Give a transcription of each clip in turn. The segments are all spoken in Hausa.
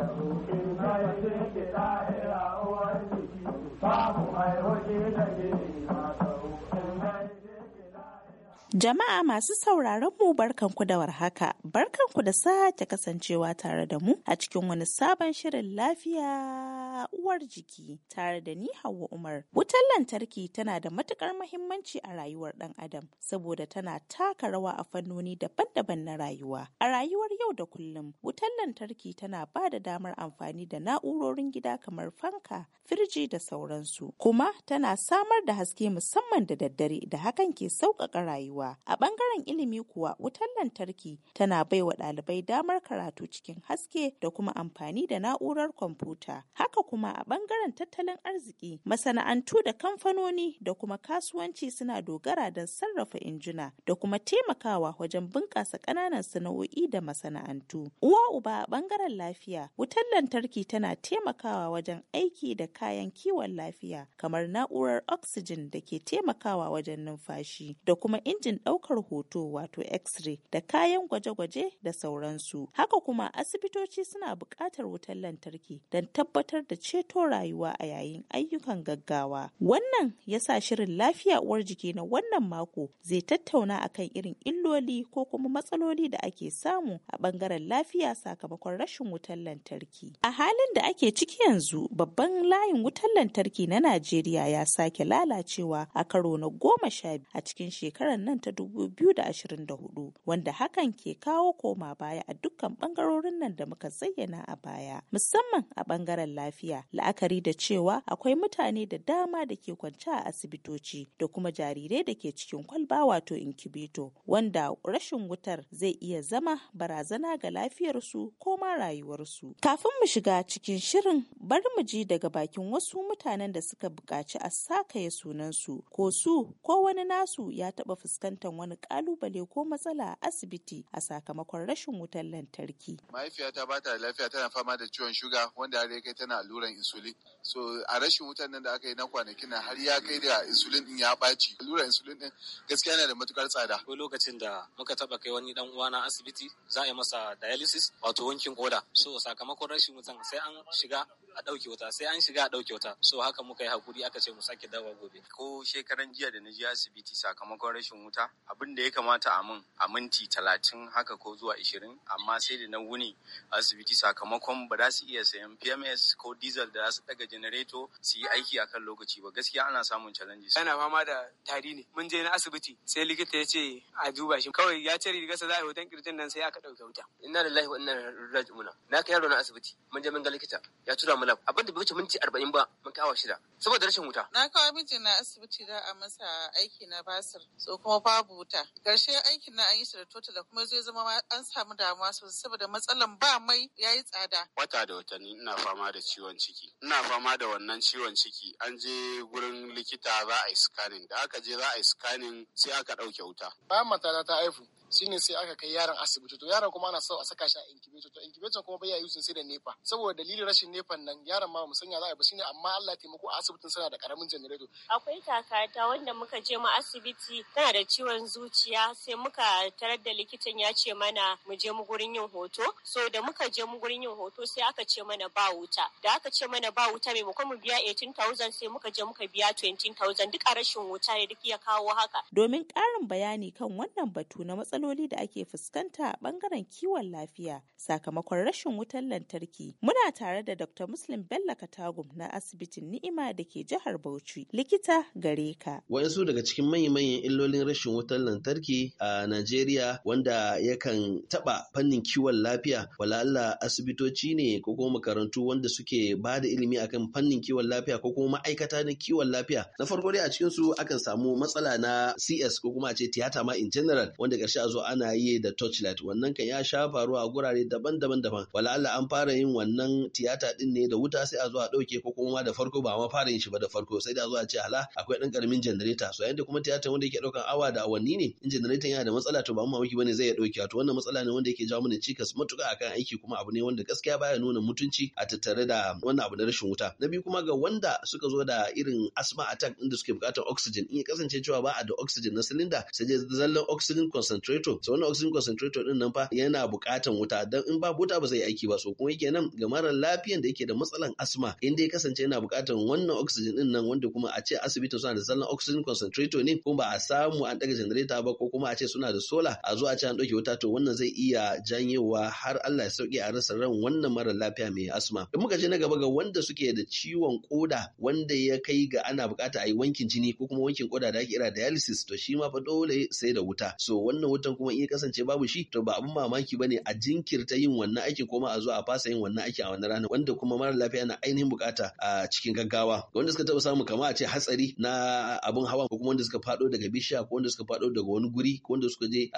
Jama'a masu sauraron mu barkanku da warhaka, barkanku da sake kasancewa tare da mu a cikin wani sabon shirin lafiya uwar jiki tare da ni Hauwa Umar. Wutar lantarki tana da matukar mahimmanci a rayuwar ɗan adam saboda tana taka rawa a fannoni daban-daban na rayuwa. A rayuwar yau da kullum. Wutar lantarki tana ba da damar amfani da na'urorin gida kamar fanka, firji da sauransu. Kuma tana samar da haske musamman da daddare da hakan ke sauƙaƙa rayuwa. A ɓangaren ilimi kuwa wutar lantarki tana bai wa ɗalibai damar karatu cikin haske da kuma amfani da na'urar kwamfuta. Haka kuma a ɓangaren tattalin arziki masana'antu da kamfanoni da kuma kasuwanci suna dogara don sarrafa injina da kuma taimakawa wajen bunƙasa ƙananan sana'o'i da masana'antu. masana'antu. Uwa uba a ɓangaren lafiya, wutar lantarki tana taimakawa wajen aiki da kayan kiwon lafiya kamar na'urar oxygen da ke taimakawa wajen numfashi da kuma injin ɗaukar hoto wato x-ray da kayan gwaje-gwaje da sauransu. Haka kuma asibitoci suna buƙatar wutar lantarki don tabbatar da ceto rayuwa a yayin ayyukan gaggawa. Wannan ya sa shirin lafiya uwar jiki na wannan mako zai tattauna akan irin illoli ko kuma matsaloli da ake samu a bangaren lafiya sakamakon rashin wutar lantarki. A halin da ake ciki yanzu babban layin wutar lantarki na Najeriya ya sake lalacewa a karo na goma sha a cikin shekarar nan ta dubu biyu da da ashirin hudu, wanda hakan ke kawo koma baya a dukkan bangarorin nan da muka zayyana a baya musamman a bangaren lafiya la'akari da cewa akwai mutane da dama da ke kwance a asibitoci da kuma jarirai da ke cikin kwalba wato incubator wanda rashin wutar zai iya zama barazana barazana ga lafiyarsu ko ma rayuwarsu. Kafin mu shiga cikin shirin bari mu ji daga bakin wasu mutanen da suka buƙaci a sakaye sunansu ko su ko wani nasu ya taɓa fuskantar wani ƙalubale ko matsala a asibiti a sakamakon rashin wutar lantarki. Mahaifiyata ba ta lafiya tana fama da ciwon shuga wanda har ya kai tana alluran insulin. So a rashin wutar nan da aka yi na kwanakin nan har ya kai da insulin din ya ɓaci. Alluran insulin din gaskiya yana da matukar tsada. Ko lokacin da muka taɓa kai wani dan uwa na asibiti za a yi masa dialysis wato wankin koda so sakamakon rashin mutum sai an shiga a ɗauke wuta sai an shiga a ɗauke wuta so haka muka yi hakuri aka ce mu sake dawa gobe ko shekaran jiya da na je asibiti sakamakon rashin wuta abin da ya kamata a min a minti talatin haka ko zuwa ishirin amma sai da na wuni asibiti sakamakon ba za su iya sayan pms ko diesel da za su daga janareto su yi aiki a kan lokaci ba gaskiya ana samun challenges Yana fama da tari ne mun je na asibiti sai likita ya ce a duba shi kawai ya cire rigarsa za a yi hoton kirjin nan sai aka ɗauke wuta inna lillahi wa inna ilaihi raji'un na kai yaro na asibiti mun je mun ga likita ya tura mu lab abin da bai wuce minti 40 ba mun kawo shida saboda rashin wuta na kawo miji na asibiti da a masa aiki na basir so kuma babu wuta karshe aikin na an yi shi da total da kuma zai zama an samu damuwa sosai saboda matsalan ba mai yayi tsada wata da watanni ina fama da ciwon ciki ina fama da wannan ciwon ciki an je gurin likita za a yi scanning da aka je za a yi scanning sai aka ɗauke wuta bayan matata ta haifu shine sai aka kai yaron asibiti to yaron kuma ana so a saka shi a incubator to incubator kuma bai yusin sai da nepa saboda dalilin rashin nefan nan yaron ma musanya za a ba shine amma Allah taimako a asibitin suna da karamin generator akwai kakata wanda muka je mu asibiti tana da ciwon zuciya sai muka tarar da likitan ya ce mana mu je mu gurin yin hoto so da muka je mu gurin yin hoto sai aka ce mana ba wuta da aka ce mana ba wuta maimakon mu biya 18000 sai muka je muka biya 20000 duk a rashin wuta ne duk ya kawo haka domin ƙarin bayani kan wannan batu na matsalar matsaloli da ake fuskanta a bangaren kiwon lafiya sakamakon rashin wutar lantarki. Muna tare da Dr. Muslim Bello Katagum na asibitin Ni'ima da ke jihar Bauchi. Likita gare ka. Wayansu daga cikin manyan illolin rashin wutar lantarki a Najeriya wanda yakan taba fannin kiwon lafiya wala Allah asibitoci ne ko kuma makarantu wanda suke ba da ilimi akan fannin kiwon lafiya ko kuma ma'aikata na kiwon lafiya. Na farko dai a cikin su akan samu matsala na CS ko kuma a ce tiyata ma in general wanda ƙarshe a zo ana yi da torchlight wannan kan ya sha faruwa a gurare daban-daban daban wala an fara yin wannan tiyata din ne da wuta sai a zo a dauke ko kuma ma da farko ba ma fara yin shi ba da farko sai da zo a ce hala akwai dan karamin generator so yanda kuma tiyata wanda yake daukan awa da awanni ne in generator yana da matsala to ba mu mamaki bane zai ya dauke to wannan matsala ne wanda yake jawo mana cikas matuka akan aiki kuma abu ne wanda gaskiya baya nuna mutunci a tattare da wannan abu na rashin wuta na biyu kuma ga wanda suka zo da irin asma attack inda suke bukatar oxygen in ya kasance cewa ba a da oxygen na silinda sai zallan oxygen concentrate concentrator so wannan oxygen concentrator din nan fa yana buƙatan wuta dan in babu wuta ba zai aiki ba so kuma nan ga mara lafiyan da yake da matsalan asma in dai kasance yana buƙatan wannan oxygen din nan wanda kuma a ce asibiti suna da zallan oxygen concentrator ne kuma ba a samu an daga generator ba ko kuma a ce suna da solar a zo a ce an dauke wuta to wannan zai iya janyewa har Allah ya sauke a rasa ran wannan mara lafiya mai asma in muka je na gaba ga wanda suke da ciwon koda wanda ya kai ga ana bukata a yi wankin jini ko kuma wankin koda da ake kira dialysis to shi ma fa dole sai da wuta so wannan wutan wancan kuma in kasance babu shi to ba abun mamaki bane a jinkirta yin wannan aikin, kuma a zo a fasa yin wannan aiki a wannan ranar wanda kuma mara lafiya na ainihin bukata a cikin gaggawa wanda suka taba samu kama a ce hatsari na abin hawa ko kuma wanda suka fado daga bishiya ko wanda suka fado daga wani guri ko wanda suka je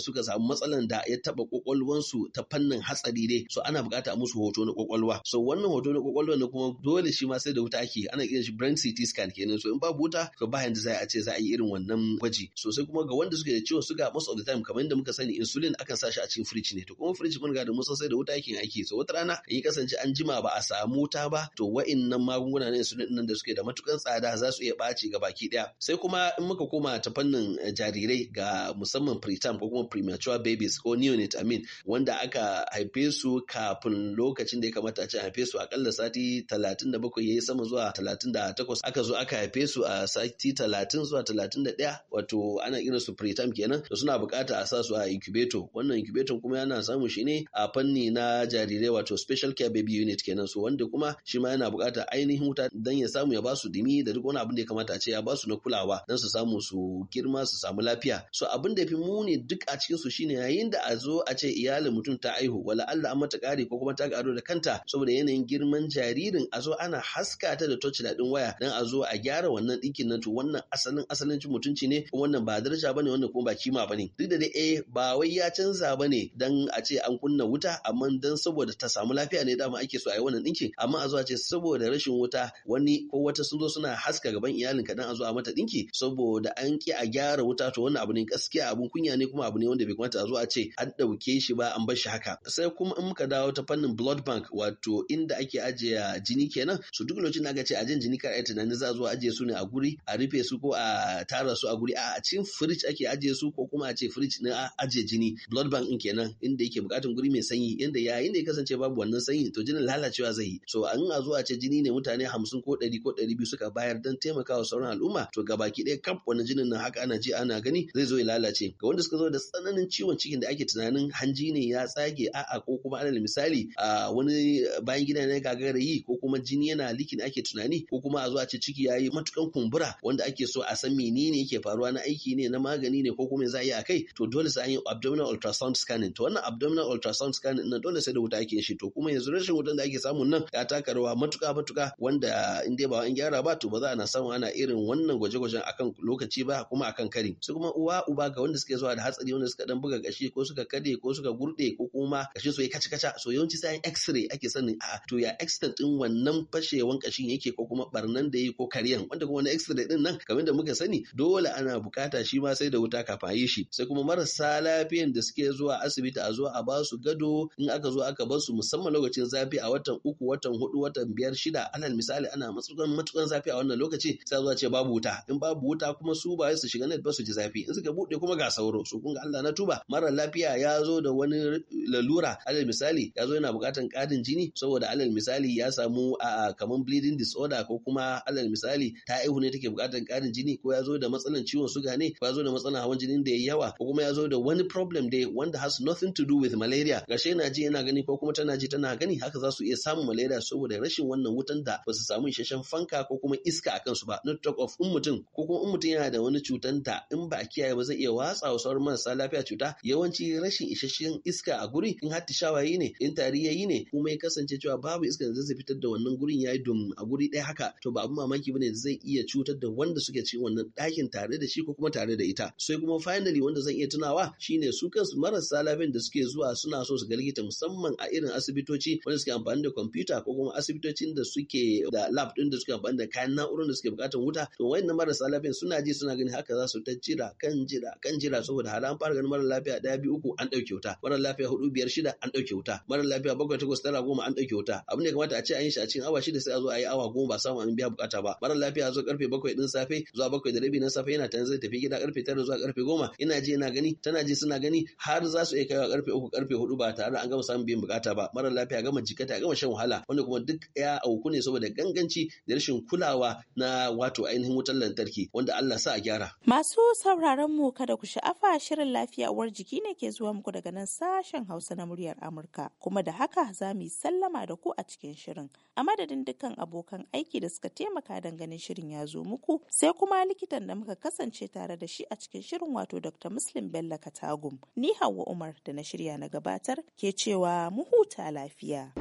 suka samu matsalan da ya taba su ta fannin hatsari ne so ana bukata a musu hoto na kwakwalwa so wannan hoto na kwakwalwa ne kuma dole shi ma sai da wuta ake ana kiran shi brain CT scan kenan so in babu wuta to ba yanda za a ce za a yi irin wannan gwaji so sai kuma ga wanda suke da ciwon suga most of the time kamar yadda muka sani insulin akan sa shi a cikin fridge ne to kuma fridge mun ga da musan sai da wuta yake aiki so wata rana in yi kasance an jima ba a samu wuta ba to waannan magunguna na insulin nan da suke da matukan tsada za su iya ɓaci ga baki ɗaya sai kuma in muka koma ta fannin eh, jarirai ga musamman preterm ko kuma premature babies ko neonate amin wanda aka haife su kafin lokacin da ya kamata a ce haife su akalla sati 37 yayi sama zuwa 38 aka zo aka haife su a sati 30 zuwa 31 wato ana irin su preterm kenan to suna bukata a sa su a incubator wannan incubator kuma yana samu shi ne a fanni na jarirai wato special care baby unit kenan su wanda kuma shi ma yana bukata ainihin wuta dan ya samu ya ba su dimi da duk wani abin da ya kamata a ce ya ba su na kulawa dan su samu su girma su samu lafiya so abin da fi muni duk a cikin su shine yayin da a zo a ce iyalin mutum ta aihu wala Allah an mata kare ko kuma ta karo da kanta saboda yanayin girman jaririn a zo ana haska ta da torchlight din waya dan a zo a gyara wannan dinkin nan to wannan asalin asalin mutunci ne wannan ba daraja bane wannan kuma ba kima ba ne duk da dai eh, ba wai ya canza ne dan a ce an kunna wuta amma dan saboda ta samu lafiya ne dama ake so a yi wannan dinkin amma a zuwa ce saboda rashin wuta wani ko wata sun zo suna haska gaban iyalin ka dan a zo a mata dinki saboda an ki a gyara wuta to wannan abu ne gaskiya abun kunya ne kuma abu ne wanda bai kamata a zo a ce an dauke shi ba an bar shi haka sai kuma in muka dawo ta fannin blood bank wato inda ake ajiye jini kenan su duk lokacin da aka ce ajin jini kar ai tunanin za a zo ajiye su ne a guri a rufe su ko a tara su a guri a cikin firij ake ajiye su ko kuma a ce fridge na ajiye jini blood bank in kenan inda yake bukatun guri mai sanyi yanda yayin da ya kasance babu wannan sanyi to jinin lalacewa zai yi so an a zo ce jini ne mutane hamsin ko ɗari ko ɗari suka bayar don taimakawa sauran al'umma to gabaki ɗaya kap wani jinin nan haka ana ji ana gani zai zo ya lalace ga wanda suka zo da tsananin ciwon cikin da ake tunanin hanji ne ya tsage a ko kuma alal misali a wani bayan gida ne gagara yi ko kuma jini yana likin ake tunani ko kuma a zo a ce ciki yayi matukan kumbura wanda ake so a san menene yake faruwa na aiki ne na magani ne ko kuma za yi a kai to dole sai an yi abdominal ultrasound scanning to wannan abdominal ultrasound scanning na dole sai da wuta ake shi to kuma yanzu rashin wutan da ake samu nan ya taka rawa matuka matuka wanda in dai ba an gyara ba to ba za a samu ana irin wannan gwaje-gwajen akan lokaci ba kuma akan kari su kuma uwa uba ga wanda suke zuwa da hatsari wanda suka dan buga gashi ko suka kade ko suka gurde ko kuma kashin su ya kaca-kaca so yawanci sai x-ray ake sanin a to ya extent din wannan fashewan kashin yake ko kuma barnan da yi ko karyan wanda kuma wani x-ray din nan kamar da muka sani dole ana bukata shi ma sai da wuta kafin yi shi shi sai kuma marasa lafiyan da suke zuwa asibiti a zo a ba su gado in aka zo aka bar su musamman lokacin zafi a watan uku watan hudu watan biyar shida alal misali ana matsukan matukan zafi a wannan lokaci sai zuwa ce babu wuta in babu wuta kuma su ba su shiga net ba su ji zafi in suka bude kuma ga sauro su kun ga Allah na tuba mara lafiya ya zo da wani lalura alal misali ya zo yana bukatan kadin jini saboda alal misali ya samu a kaman bleeding disorder ko kuma alal misali ta ihu ne take bukatan kadin jini ko ya zo da matsalan ciwon suga ne ko ya zo da matsalan hawan jinin da ya yawa ko kuma ya zo da wani problem dai wanda has nothing to do with malaria gashe na ji yana gani ko kuma tana ji tana gani haka za su iya samun malaria saboda rashin wannan wutan da ba su samu isasshen fanka ko kuma iska a kansu ba not talk of in mutum ko kuma in mutum yana da wani cutan da in ba a kiyaye ba zai iya watsa wa sauran marasa lafiya cuta yawanci rashin isasshen iska a guri in har tishawa yi ne in tari yayi ne kuma ya kasance cewa babu iska da zai fitar da wannan gurin yi dum a guri ɗaya haka to ba abin mamaki bane zai iya cutar da wanda suke cikin wannan ɗakin tare da shi ko kuma tare da ita sai kuma final misali wanda zan iya tunawa shine su kansu marasa lafiyan da suke zuwa suna so su ga likita musamman a irin asibitoci wanda suke amfani da kwamfuta ko kuma asibitocin da suke da lab din da suke amfani da kayan na'urorin da suke bukatan wuta to wayannan marasa lafiyan suna ji suna gani haka za su ta jira kan jira kan jira saboda har an fara ganin mara lafiya daya biyu uku an dauke wuta mara lafiya hudu biyar shida an dauke wuta mara lafiya bakwai takwas tara goma an dauke wuta abin da kamata a ce an yi shi a cikin awa shida sai a zo a yi awa goma ba samu an biya bukata ba mara lafiya zo karfe bakwai din safe zuwa bakwai da rabi na safe yana tanzai tafi gida karfe tara zuwa karfe goma ina je na gani tana je suna gani har za su iya kaiwa karfe uku karfe hudu ba tare an gama samun biyan bukata ba mara lafiya gama jikata gama shan wahala wanda kuma duk ya auku ne saboda ganganci da rashin kulawa na wato ainihin wutar lantarki wanda Allah sa a gyara. Masu sauraron mu kada ku sha'afa shirin lafiya uwar jiki ne ke zuwa muku daga nan sashen Hausa na muryar Amurka kuma da haka za mu yi sallama da ku a cikin shirin. A madadin dukkan abokan aiki da suka taimaka ganin shirin ya zo muku sai kuma likitan da muka kasance tare da shi a cikin shirin wato da Dr. Muslim Bello Katagum. Ni Hauwa Umar da na shirya na gabatar ke cewa mu huta lafiya.